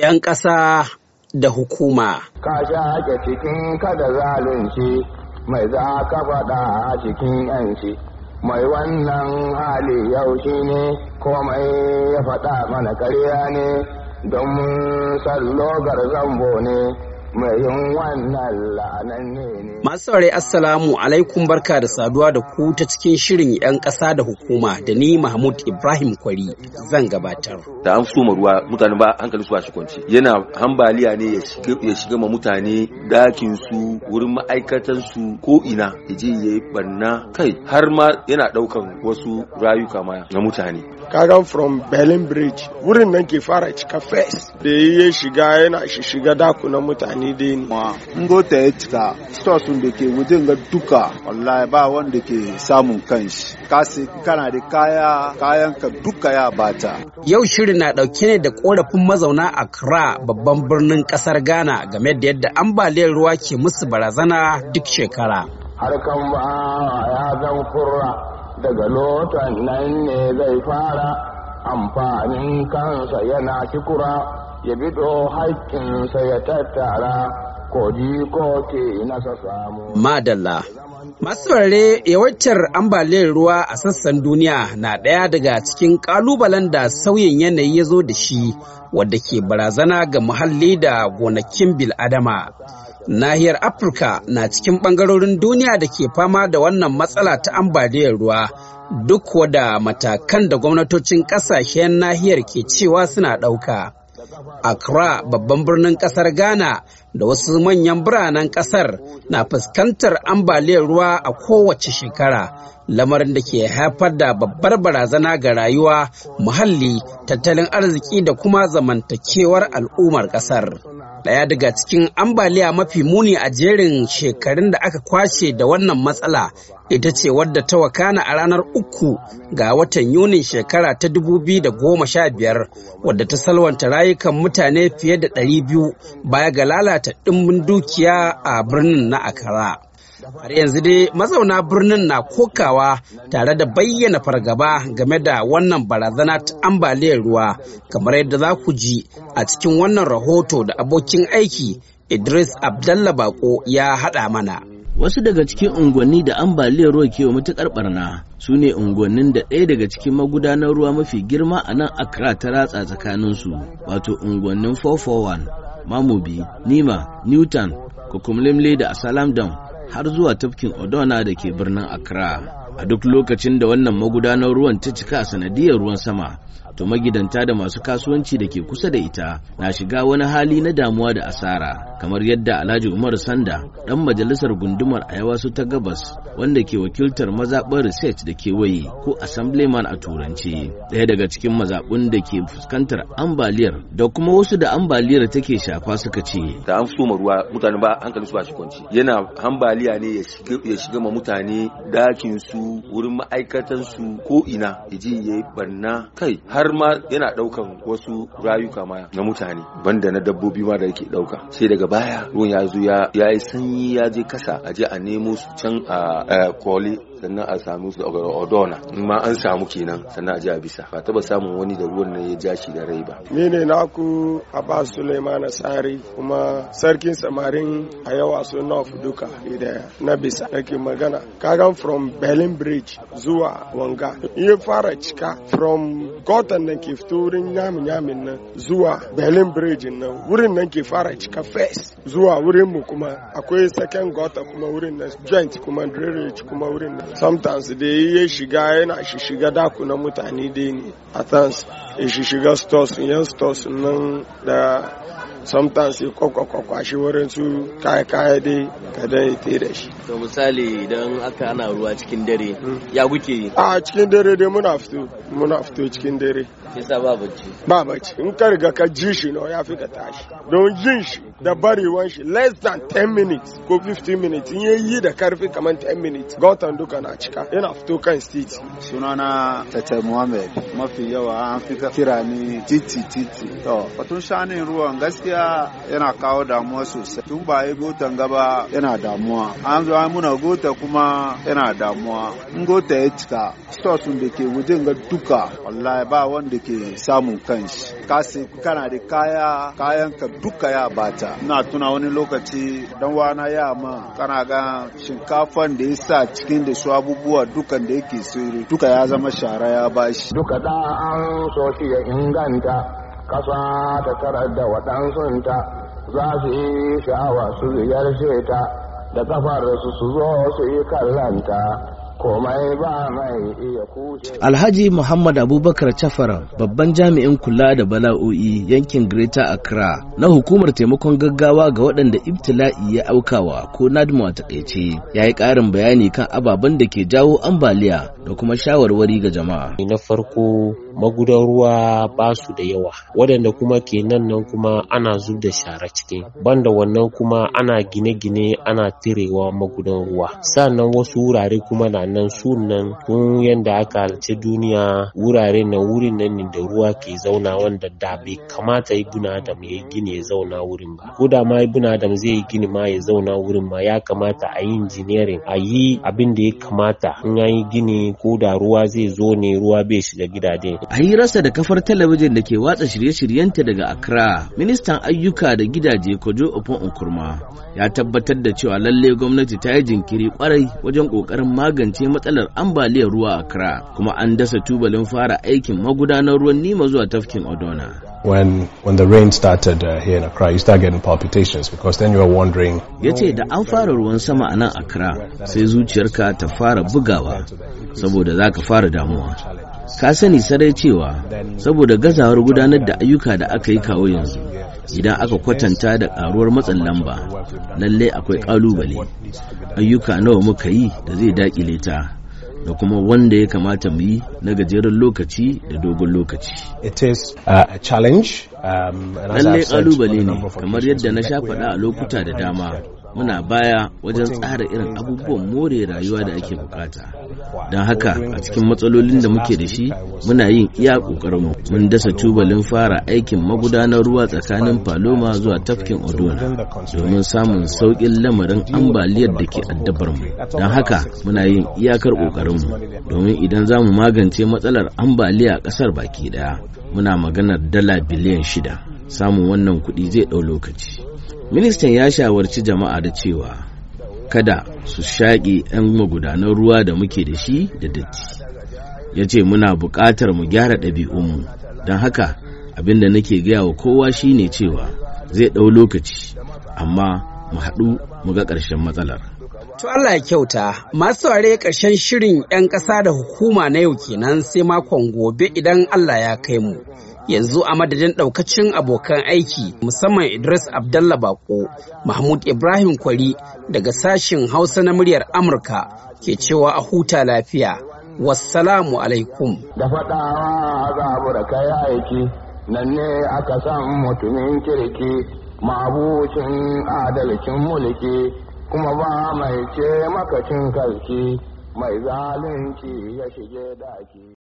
'yan ƙasa da hukuma. Ka sha hake cikin kada zalunci mai za ka faɗa a cikin 'yanci, mai wannan hali yaushi ne komai ya faɗa mana karya ne don sallogar zambo ne. Masu saurari Assalamu alaikum barka da saduwa da ku ta cikin shirin 'yan ƙasa da hukuma da ni Mahmud Ibrahim Kwari zan gabatar. Da an soma ruwa mutane ba hankali su a shi kwanci. Yana hambaliya ne ya shiga ma mutane dakin su wurin ma'aikatan su ko ina ya ya yi barna kai har ma yana ɗaukan wasu rayuka ma na mutane. kagan from berlin bridge wurin nan ke fara cika fes da ya shiga yana shiga dakunan mutane dai ne in gota ya cika sun da ke wajen ga duka wallahi ba wanda ke samun kanshi kasi kana da kaya kayan ka duka ya bata yau shirin na dauke ne da korafin mazauna a accra babban birnin kasar ghana game da yadda ambaliyar ruwa ke musu barazana duk shekara harkan ba ya zan kurra daga lotan nan ne zai fara amfanin kansa yana kikura ya bido haƙƙinsa ya tattara kodi ko ke nasa samu. Madalla. Masu saurare yawancin ambaliyar ruwa a sassan duniya na ɗaya daga cikin ƙalubalen da sauyin yanayi ya zo da shi wadda ke barazana ga muhalli da gonakin bil'adama. nahiyar afirka na cikin bangarorin duniya da ke fama da wannan matsala ta ambaliyar ruwa duk wada matakan da gwamnatocin kasashen nahiyar ke cewa suna ɗauka accra babban birnin ƙasar ghana da wasu manyan biranen ƙasar na fuskantar ambaliyar ruwa a kowace shekara lamarin da ke haifar da babbar barazana ga rayuwa muhalli tattalin arziki da kuma zamantakewar al'ummar ƙasar. Daya daga cikin ambaliya mafi muni a jerin shekarun da aka kwashe da wannan matsala ita ce wadda ta wakana a ranar uku ga watan Yunin shekara ta 2015 wadda ta salwanta rayukan mutane fiye da 200 baya ga lalata ɗimbin dukiya a birnin na Akara. Har yanzu dai mazauna birnin na kokawa tare da bayyana fargaba game da wannan barazana ta ambaliyar ruwa kamar yadda za ku ji a cikin wannan rahoto da abokin aiki Idris Abdallah Bako ya haɗa mana. Wasu daga cikin unguwanni da ambaliyar ruwa ke matuƙar barna su ne unguwannin da ɗaya daga cikin magudanar ruwa mafi girma a nan akra ta ratsa tsakaninsu, wato unguwannin 441, Mamobi, Nima, Newton, Kukumlimle da Asalam har zuwa tafkin Odona da ke birnin Accra. A duk lokacin da wannan magudanar ruwan ta cika sanadiyar ruwan sama, to magidanta da masu kasuwanci da ke kusa da ita na shiga wani hali na damuwa da asara kamar yadda alhaji umar sanda dan majalisar gundumar a su ta gabas wanda ke wakiltar mazaɓar research da kewaye ko assemblyman a turanci ɗaya daga cikin mazaɓun da ke fuskantar ambaliyar da kuma wasu da ambaliyar take shafa suka ce da an fito ruwa mutane ba hankali su ba shi kwanci yana ambaliya ne ya shiga ma mutane dakin su wurin ma'aikatan su ko ina ya je ya yi barna kai har har ma yana daukan wasu rayuka ma na mutane banda na dabbobi ma da yake dauka sai daga baya ruwan ya zo ya yi sanyi ya je kasa a je a nemo su can a kwale sannan a samu su a odona in ma an samu kenan sannan a je a bisa ba taba samun wani da ruwan nan ya ja shi da rai ba ni ne naku Abbas Suleiman Sari kuma sarkin samarin a yawa su North duka da na bisa nake magana kagan from Berlin Bridge zuwa Wanga in fara cika from Gotham nan ke fito wurin yamin yamin nan zuwa berlin bridge nan wurin nan ke fara cika fes zuwa wurin mu kuma akwai second gota kuma wurin nan joint kuma drainage kuma wurin nan sometimes da ya shiga yana shi shiga daku na mutane dai ne a times ya shi shiga stores yan stores nan da sometimes ya kwakwakwa shi wurin su kaya kaya dai ka dan ite da shi to misali idan aka ana ruwa cikin dare ya guke yi a cikin dare dai muna fito muna fito cikin dare kisa ba bacci ba bacci in ka riga ka ji shi no ya fi ka tashi don jin shi da barewan shi less than 10 minutes ko 15 minutes in yayi da karfi kamar 10 minutes gotan duka na cika yana fito kan state sunana Tete muhammad mafi yawa an fi kira ni titi titi to batun shanin ruwan gaskiya yana kawo damuwa sosai tun ba ya gotan gaba yana damuwa an zo an muna gota kuma yana damuwa in gota ya cika stores da ke wajen ga duka wallahi ba wanda Ke samun kanshi kasi kana da kaya kayan ka duka ya bata ina tuna wani lokaci dan wana ya ma kana ga shinkafan da yasa cikin da su abubuwa dukan da yake sirri duka ya zama shara ya bashi duka da an so shi ya inganta kasa ta tarar da waɗansunta za su yi sha'awa su ziyarce ta da kafar su su zo su yi kallanta Alhaji Muhammad Abubakar Cafara babban jami'in kula da bala'o'i yankin Greater Accra na hukumar taimakon gaggawa ga waɗanda ibtila'i ya aukawa ko nadmu a takaice ya yi ƙarin bayani kan ababen da ke jawo ambaliya da kuma shawarwari ga jama'a. Na farko magudan ruwa ba su da yawa waɗanda kuma ke nan nan kuma ana zub da shara ciki banda wannan kuma ana gine-gine ana tirewa magudan ruwa sannan wasu wurare kuma na nan sunan, nan tun yanda aka halice duniya wurare nan wurin nan ne da ruwa ke zauna wanda da bai kamata na adam ya yi gini ya zauna wurin ba ko da ma na adam zai yi gini ma ya zauna wurin ma ya kamata a yi injiniyarin a yi abin da ya kamata in an yi gini ko da ruwa zai zo ne ruwa bai shiga gidaje. a yi rasa da kafar talabijin da ke watsa shirye-shiryenta daga accra ministan ayyuka da gidaje kojo ofin nkurma ya tabbatar da cewa lalle gwamnati ta yi jinkiri kwarai wajen kokarin magance magance matsalar ambaliyar ruwa a Accra kuma an dasa tubalin fara aikin magudanar ruwan Nima zuwa tafkin Odona. When, when the rain started uh, here in Accra, you start getting palpitations because then you are wondering. Ya ce da an fara ruwan sama a nan Accra sai zuciyarka ta fara bugawa saboda za ka fara damuwa. Ka sani sarai cewa saboda gazawar gudanar da ayyuka da aka yi kawo yanzu. idan aka kwatanta da karuwar matsin lamba lalle akwai kalubale ayyuka nawa muka yi da zai dakile ta da kuma wanda ya kamata mu yi na gajeren lokaci da dogon lokaci. Uh, um, Lallai kalubale ne kamar yadda na sha faɗa a lokuta da dama muna baya wajen tsara irin abubuwan more rayuwa da ake bukata don haka a cikin matsalolin da muke da shi muna yin iya ƙoƙarinmu mun dasa tubalin fara aikin magudanar ruwa tsakanin paloma zuwa tafkin odona domin samun sauƙin lamarin ambaliyar da ke addabar mu don haka muna yin iyakar ƙoƙarinmu domin idan za mu magance matsalar ambaliya a ƙasar baki ɗaya muna maganar dala biliyan shida samun wannan kuɗi zai ɗau lokaci ministan ya shawarci jama'a da cewa kada su shaƙi 'yan magudanar ruwa da muke da shi da datti ya ce muna buƙatar mu gyara ɗabi'unmu don haka abin da nake gaya wa kowa shine cewa zai ɗau lokaci amma mu haɗu mu ga ƙarshen matsalar to Allah ya kyauta masu ware ƙarshen shirin 'yan ƙasa da hukuma na yau kenan sai makon gobe idan Allah ya kai mu yanzu a madadin daukacin abokan aiki musamman Idris Abdallah Bako, Mahmud Ibrahim Kwari daga sashin Hausa na muryar Amurka ke cewa a huta lafiya. Wassalamu alaikum. Da faɗawa za da kai aiki, nan ne aka san mutumin kirki, mabucin adalcin mulki, kuma ba mai ce makacin kalki, mai zalunci ya shige daki.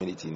community